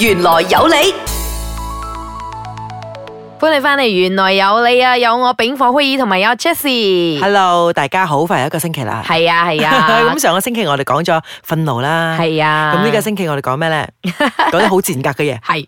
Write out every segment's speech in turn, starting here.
玄來有理。歡迎翻嚟，原來有你啊，有我丙火灰兒，同埋有 Jesse。Hello，大家好，快一個星期啦。係啊，係啊。咁上個星期我哋講咗憤怒啦。係啊。咁呢個星期我哋講咩咧？講啲好賤格嘅嘢。係。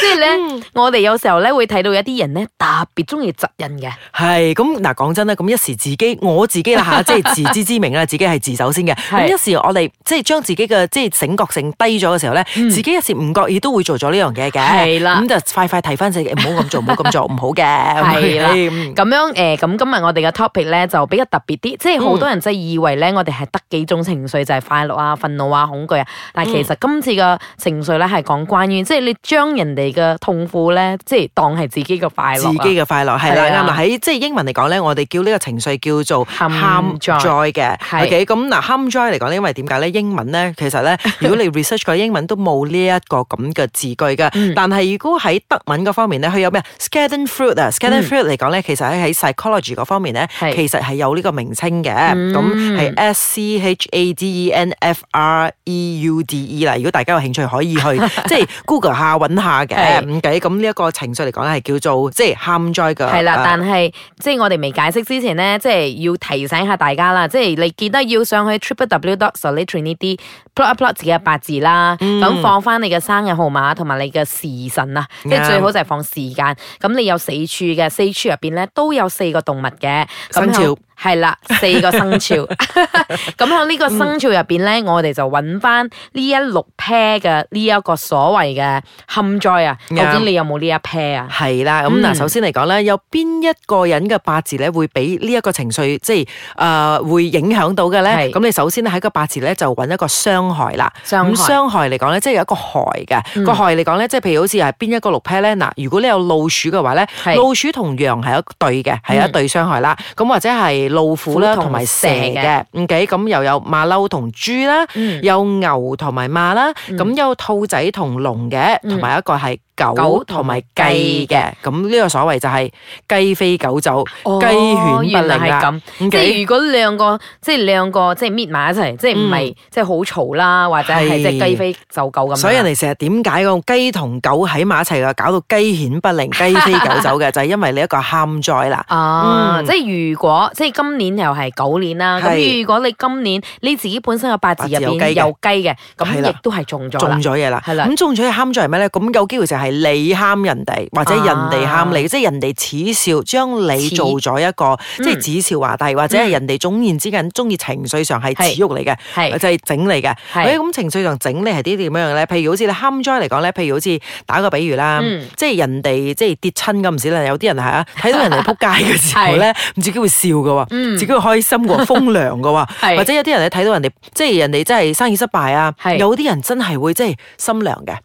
即係咧，我哋有時候咧會睇到一啲人咧特別中意責任嘅。係。咁嗱，講真啦，咁一時自己，我自己啦吓，即係自知之明啊，自己係自首先嘅。咁一時我哋即係將自己嘅即係醒覺性低咗嘅時候咧，自己一時唔覺意都會做咗呢樣嘢嘅。係啦。咁就快快睇。翻曬，唔好咁做，唔好咁做，唔好嘅。係啦，咁樣，誒，咁今日我哋嘅 topic 咧就比較特別啲，即係好多人即係以為咧，我哋係得幾種情緒，就係快樂啊、憤怒啊、恐懼啊。但係其實今次嘅情緒咧係講關於，即係你將人哋嘅痛苦咧，即係當係自己嘅快樂，自己嘅快樂係啦，啱啦。喺即係英文嚟講咧，我哋叫呢個情緒叫做 hum joy 嘅。OK，咁嗱，hum joy 嚟講，因為點解咧？英文咧，其實咧，如果你 research 過英文都冇呢一個咁嘅字句㗎。但係如果喺德文嘅方面咧，佢有咩、啊、Schadenfreude 啊 Schadenfreude 嚟講咧，其實喺喺 psychology 嗰方面咧，其實係有呢個名稱嘅。咁係 S C 是、嗯、H A D n、f r、E N F R E U D E 啦。如果大家有興趣，可以去即係 Google 下搵下嘅。唔計咁呢一個情緒嚟講咧，係叫做即係喊災噶。係、就是、啦，嗯、但係即係我哋未解釋之前呢，即、就、係、是、要提醒下大家啦。即、就、係、是、你記得要上去 TripleW.com 呢啲 plot 一 plot 自己嘅八字啦。咁、嗯、放翻你嘅生日號碼同埋你嘅時辰啊，即係是 Yeah. 最好就。放時間，咁你有四柱嘅，四柱入邊咧都有四個動物嘅，咁係啦，四個生肖，咁喺呢個生肖入邊咧，嗯、我哋就揾翻呢一六 pair 嘅呢一個所謂嘅陷災啊！對 究竟你有冇呢一 pair 啊？係啦對，咁嗱，首先嚟講咧，有邊一個人嘅八字咧會俾呢一個情緒，即係誒、呃、會影響到嘅咧？咁是 你首先喺個八字咧就揾一個傷害啦。傷傷害嚟講咧，即、就、係、是、有一個害嘅，嗯、個害嚟講咧，即係譬如好似係邊一個六 pair 咧？嗱，如果你有老鼠嘅話咧，老鼠同羊係一對嘅，係一對傷害啦。咁、嗯、或者係。老虎啦，同埋蛇嘅，OK，咁又有馬騮同豬啦，嗯、有牛同埋馬啦，咁、嗯、有兔仔同龍嘅，同埋、嗯、一個係，狗同埋雞嘅，咁呢個所謂就係雞飛狗走、雞犬不寧啦。即係如果兩個，即係兩個即係搣埋一齊，即係唔係即係好嘈啦，或者係即係雞飛走狗咁。所以人哋成日點解個雞同狗喺埋一齊嘅，搞到雞犬不寧、雞飛狗走嘅，就係因為你一個冚災啦。哦，即係如果即係今年又係狗年啦，咁如果你今年你自己本身有八字入邊有雞嘅，咁亦都係中咗。中咗嘢啦。係啦。咁中咗嘅冚災係咩咧？咁有機會就係。你喊人哋，或者人哋喊你，即係人哋恥笑，將你做咗一個即係恥笑話題，或者係人哋總言之，間中意情緒上係恥辱嚟嘅，就係整嚟嘅。咁情緒上整嚟係啲點樣樣咧？譬如好似你喊咗嚟講咧，譬如好似打個比喻啦，即係人哋即係跌親咁，唔少啦。有啲人係啊，睇到人哋扑街嘅時候咧，唔自己會笑嘅，自己會開心嘅，風涼嘅，或者有啲人咧睇到人哋，即係人哋真係生意失敗啊，有啲人真係會即係心涼嘅。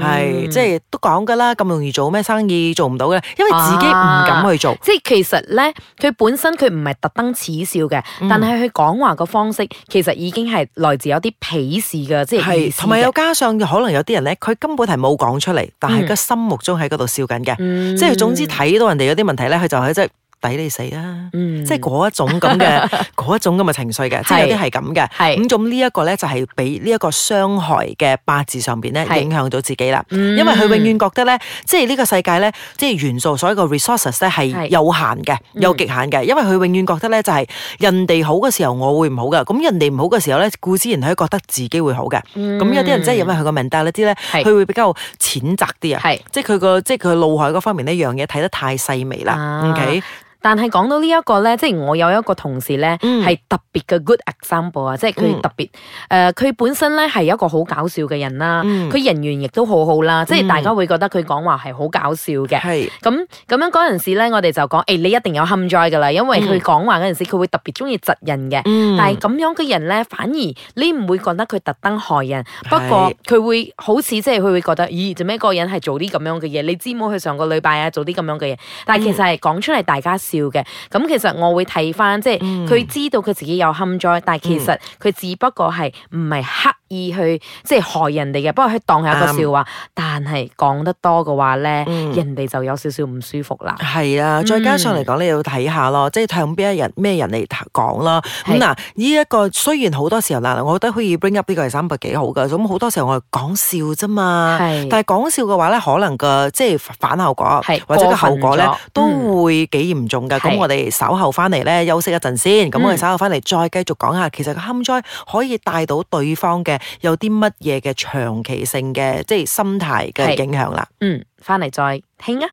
係，即係都講噶啦，咁容易做咩生意做唔到嘅？因為自己唔敢去做。啊、即係其實咧，佢本身佢唔係特登恥笑嘅，嗯、但係佢講話個方式，其實已經係來自有啲鄙視嘅，即係係同埋又加上可能有啲人咧，佢根本係冇講出嚟，但係個心目中喺嗰度笑緊嘅。嗯、即係總之睇到人哋有啲問題咧，佢就係、是、即。抵你死啦！即係嗰一種咁嘅，一種咁嘅情緒嘅，即係有啲係咁嘅。咁仲呢一個咧，就係俾呢一個傷害嘅八字上邊咧，影響到自己啦。因為佢永遠覺得咧，即係呢個世界咧，即係元素所有嘅 resources 咧係有限嘅，有極限嘅。因為佢永遠覺得咧、就是，就係人哋好嘅時候我會唔好噶，咁人哋唔好嘅時候咧，固之然係覺得自己會好嘅。咁有啲人真係因為佢個命，但係啲咧，佢會比較淺窄啲啊。即係佢個即係佢腦海嗰方面呢樣嘢睇得太細微啦。OK。啊啊但係講到呢、這、一個咧，即係我有一個同事咧，係特別嘅 good example 啊、嗯，即係佢特別誒，佢、呃、本身咧係一個好搞笑嘅人啦，佢、嗯、人緣亦都好好啦，嗯、即係大家會覺得佢講話係好搞笑嘅。咁咁是樣嗰陣時咧，我哋就講誒，你一定有 h 冚災㗎啦，因為佢講話嗰陣時，佢會特別中意窒人嘅。嗯、但係咁樣嘅人咧，反而你唔會覺得佢特登害人，是不過佢會好似即係佢會覺得，咦做咩一個人係做啲咁樣嘅嘢？你知唔知佢上個禮拜啊做啲咁樣嘅嘢？但係其實係講出嚟大家。笑嘅，咁其實我會睇返，即係佢知道佢自己有坎災，但係其實佢只不過係唔係黑意去即係害人哋嘅，不過佢當係一個笑話，但係講得多嘅話咧，人哋就有少少唔舒服啦。係啊，再加上嚟講，你要睇下咯，即係睇下邊一人咩人嚟講啦。咁嗱，呢一個雖然好多時候嗱，我覺得可以 bring up 呢個係三百幾好嘅。咁好多時候我哋講笑啫嘛，但係講笑嘅話咧，可能個即係反效果，或者個後果咧都會幾嚴重嘅。咁我哋稍後翻嚟咧休息一陣先。咁我哋稍後翻嚟再繼續講下，其實個 humour 可以帶到對方嘅。有啲乜嘢嘅長期性嘅即係心態嘅影響啦，嗯，翻嚟再聽啊。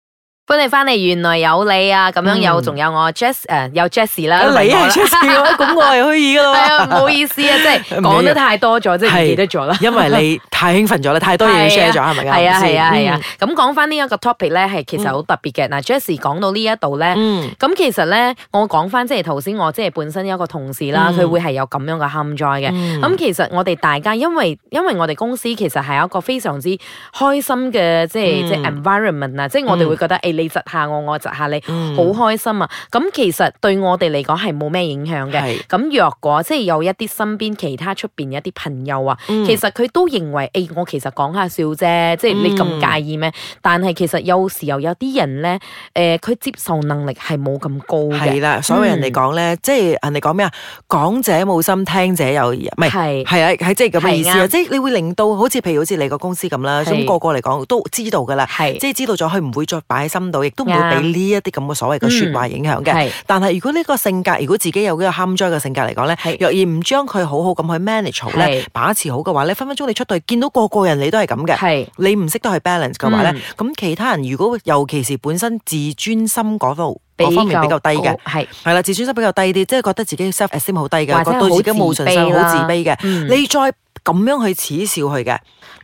歡迎翻嚟，原來有你啊！咁樣有，仲有我 Jess 誒，有 Jess 啦。你係 Jess，咁我係可以噶咯係啊，唔好意思啊，即係講得太多咗，即係記得咗啦。因為你太興奮咗啦，太多嘢要 share 咗，係咪啊？係啊，係啊，係啊。咁講翻呢一個 topic 咧，係其實好特別嘅。嗱，Jess 講到呢一度咧，咁其實咧，我講翻即係頭先，我即係本身有一個同事啦，佢會係有咁樣嘅堪災嘅。咁其實我哋大家因為因為我哋公司其實係一個非常之開心嘅即係即係 environment 啊，即係我哋會覺得你窒下我，我窒下你，好開心啊！咁其實對我哋嚟講係冇咩影響嘅。咁是若果即係有一啲身邊其他出邊一啲朋友啊，嗯、其實佢都認為誒、欸，我其實講下笑啫，嗯、即係你咁介意咩？但係其實有時又有啲人咧，誒、呃，佢接受能力係冇咁高啦，所以人哋講咧，嗯、即係人哋講咩啊？講者冇心，聽者有意，唔係，係啊，係即係咁嘅意思啊！的即係你會令到好似譬如好似你個公司咁啦，咁個個嚟講都知道噶啦，即係的的知道咗，佢唔會再擺喺心。亦都唔會俾呢一啲咁嘅所謂嘅說話影響嘅。嗯、但係如果呢個性格，如果自己有呢個幸災嘅性格嚟講咧，是若然唔將佢好好咁去 manage 好咧是，把持好嘅話咧，分分鐘你出到去見到個個人你都係咁嘅。是你唔識得去 balance 嘅話咧，咁、嗯、其他人如果尤其是本身自尊心嗰度，方面比較低嘅，係係啦，自尊心比較低啲，即係覺得自己 self esteem 好低嘅，對自己冇信心，好自卑嘅，卑、嗯、你再咁樣去恥笑佢嘅。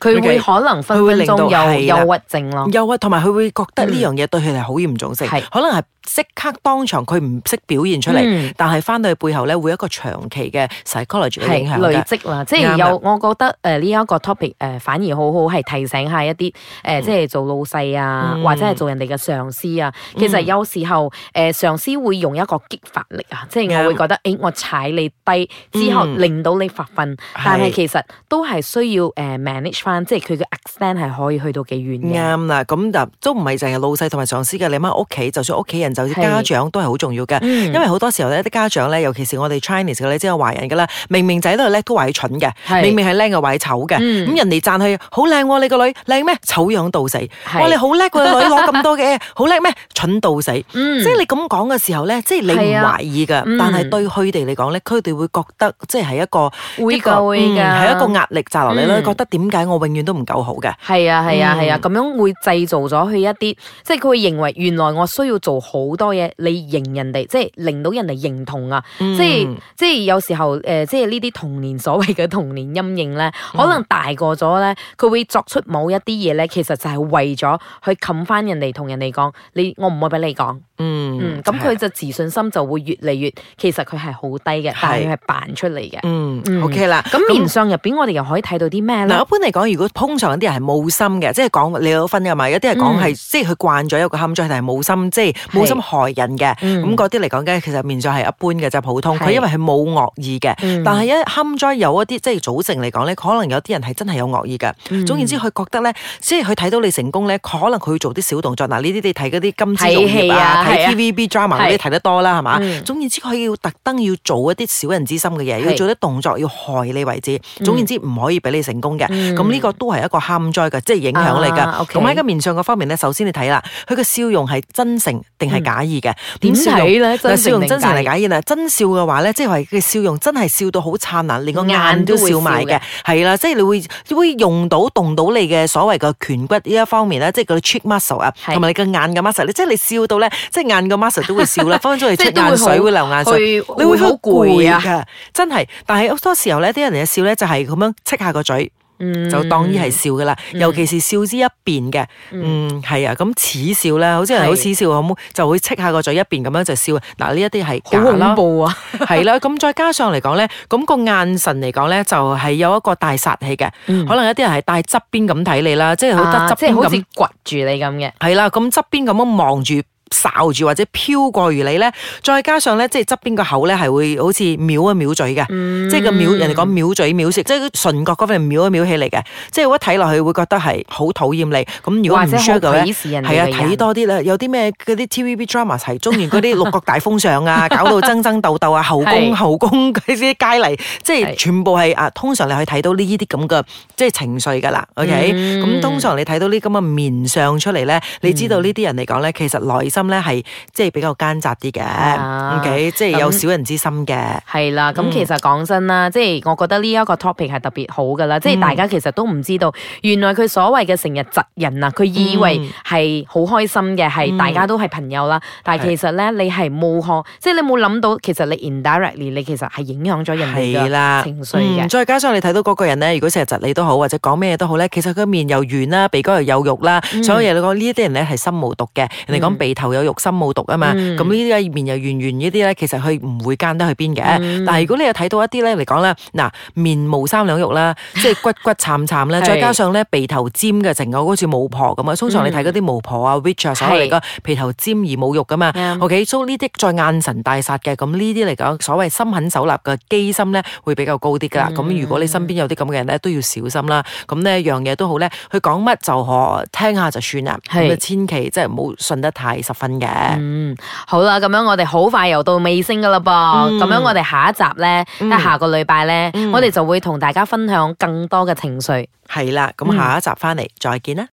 佢會可能分分鐘有憂鬱症咯，憂鬱啊，同埋佢會覺得呢樣嘢對佢係好嚴重性，可能係即刻當場佢唔識表現出嚟，但係翻到去背後咧會有一個長期嘅 psychological 影響嘅累積啦。即係有，我覺得誒呢一個 topic 誒反而好好係提醒下一啲誒，即係做老細啊，或者係做人哋嘅上司啊。其實有時候誒上司會用一個激發力啊，即係我會覺得誒我踩你低之後令到你發奮，但係其實都係需要誒 manage 翻。即係佢嘅 extent 係可以去到幾遠，啱啦，咁就都唔係淨係老細同埋上司嘅，你阿媽屋企，就算屋企人，就算家長都係好重要嘅。因為好多時候咧，啲家長咧，尤其是我哋 Chinese 你知我華人噶啦，明明仔都係叻，都話佢蠢嘅；明明係靚嘅，話佢醜嘅。咁人哋讚佢好靚，你個女靚咩？醜樣到死。哇，你好叻個女攞咁多嘅，好叻咩？蠢到死。即係你咁講嘅時候咧，即係你唔懷疑噶，但係對佢哋嚟講，佢哋會覺得即係係一個一個，係一個壓力砸落嚟咯。覺得點解我？永遠都唔夠好嘅，係啊係啊係啊，咁、啊啊、樣會製造咗佢一啲，即係佢會認為原來我需要做好多嘢，你認人哋，即係令到人哋認同啊，嗯、即係即係有時候誒、呃，即係呢啲童年所謂嘅童年陰影咧，可能大個咗咧，佢、嗯、會作出某一啲嘢咧，其實就係為咗去冚翻人哋，同人哋講，你我唔會俾你講。嗯嗯，咁佢就自信心就會越嚟越，其實佢係好低嘅，但係佢係扮出嚟嘅。嗯，OK 啦。咁面相入邊，我哋又可以睇到啲咩咧？一般嚟講，如果通常有啲人係冇心嘅，即係講你有分嘅嘛。有啲係講係，即係佢慣咗有個坎災，但係冇心，即係冇心害人嘅。咁嗰啲嚟講嘅，其實面相係一般嘅就普通。佢因為係冇惡意嘅，但係一堪災有一啲即係組成嚟講可能有啲人係真係有惡意嘅。總言之，佢覺得咧，即係佢睇到你成功咧，可能佢會做啲小動作。嗱，呢啲你睇嗰啲金枝玉葉啊，睇 TV。B drama 睇得多啦，係嘛？總言之，佢要特登要做一啲小人之心嘅嘢，要做啲動作，要害你為止。總言之，唔可以俾你成功嘅。咁呢個都係一個堪災嘅，即係影響嚟㗎。咁喺個面上嘅方面咧，首先你睇啦，佢個笑容係真誠定係假意嘅？點笑容真誠定假意啦？真笑嘅話咧，即係佢嘅笑容真係笑到好燦爛，連個眼都笑埋嘅。係啦，即係你會會用到動到你嘅所謂嘅顴骨呢一方面咧，即係個 cheek muscle 啊，同埋你嘅眼嘅 muscle。你即係你笑到咧，即係眼咁。阿 s 都會笑啦，分出嚟出眼水，會流眼水，你會好攰啊！真係，但係好多時候咧，啲人嘅笑咧就係咁樣戚下個嘴，就當然係笑噶啦。尤其是笑之一邊嘅，嗯，係啊，咁似笑咧，好似人好似笑咁，就會戚下個嘴一邊咁樣就笑。嗱，呢一啲係好恐怖啊，係啦。咁再加上嚟講咧，咁個眼神嚟講咧，就係有一個大殺氣嘅，可能有啲人係帶側邊咁睇你啦，即係好得側邊咁掘住你咁嘅，係啦，咁側邊咁樣望住。哨住或者飄過如你咧，再加上咧，即係側邊個口咧係會好似藐一藐嘴嘅，即係個藐人哋講藐嘴藐舌，即係唇角嗰份藐一藐起嚟嘅。即係我一睇落去會覺得係好討厭你。咁如果唔需要咁，係啊，睇多啲啦。有啲咩嗰啲 TVB drama 係中原嗰啲六國大封相啊，搞到爭爭鬥鬥啊，後宮後宮嗰啲佳麗，即係全部係啊。通常你去睇到呢啲咁嘅即係情緒㗎啦。OK，咁通常你睇到呢咁嘅面相出嚟咧，你知道呢啲人嚟講咧，其實內心。咧係即係比較奸雜啲嘅，即係有小人之心嘅。係啦、啊，咁、嗯、其實講真啦，即係我覺得呢一個 topic 係特別好噶啦，即係、嗯、大家其實都唔知道，原來佢所謂嘅成日窒人啊，佢以為係好開心嘅，係、嗯嗯、大家都係朋友啦。但係其實咧，你係冇學，即係你冇諗到，其實你 indirectly 你其實係影響咗人哋嘅情緒嘅。再加上你睇到嗰個人咧，如果成日窒你都好，或者講咩都好咧，其實佢面又圓啦，鼻哥又有肉啦，嗯、所以人哋講呢啲人咧係心無毒嘅，人哋講鼻頭有肉，心冇毒啊嘛，咁呢啲面又圓圓呢啲咧，其實佢唔會奸得去邊嘅。但係如果你又睇到一啲咧嚟講咧，嗱，面無三兩肉啦，即係骨骨慘慘咧，再加上咧鼻頭尖嘅，成個好似巫婆咁啊。通常你睇嗰啲巫婆啊，witch 啊，所謂嚟講，鼻頭尖而冇肉噶嘛。O K，so 呢啲再眼神大煞嘅，咁呢啲嚟講，所謂心狠手辣嘅機心咧，會比較高啲噶。咁如果你身邊有啲咁嘅人咧，都要小心啦。咁呢樣嘢都好咧，佢講乜就可聽下就算啦。千祈真係唔好信得太深。分嘅，嗯，好啦，咁樣我哋好快又到尾聲噶啦噃，咁、嗯、樣我哋下一集咧，嗯、下個禮拜咧，嗯、我哋就會同大家分享更多嘅情緒。係啦，咁下一集翻嚟、嗯、再見啦。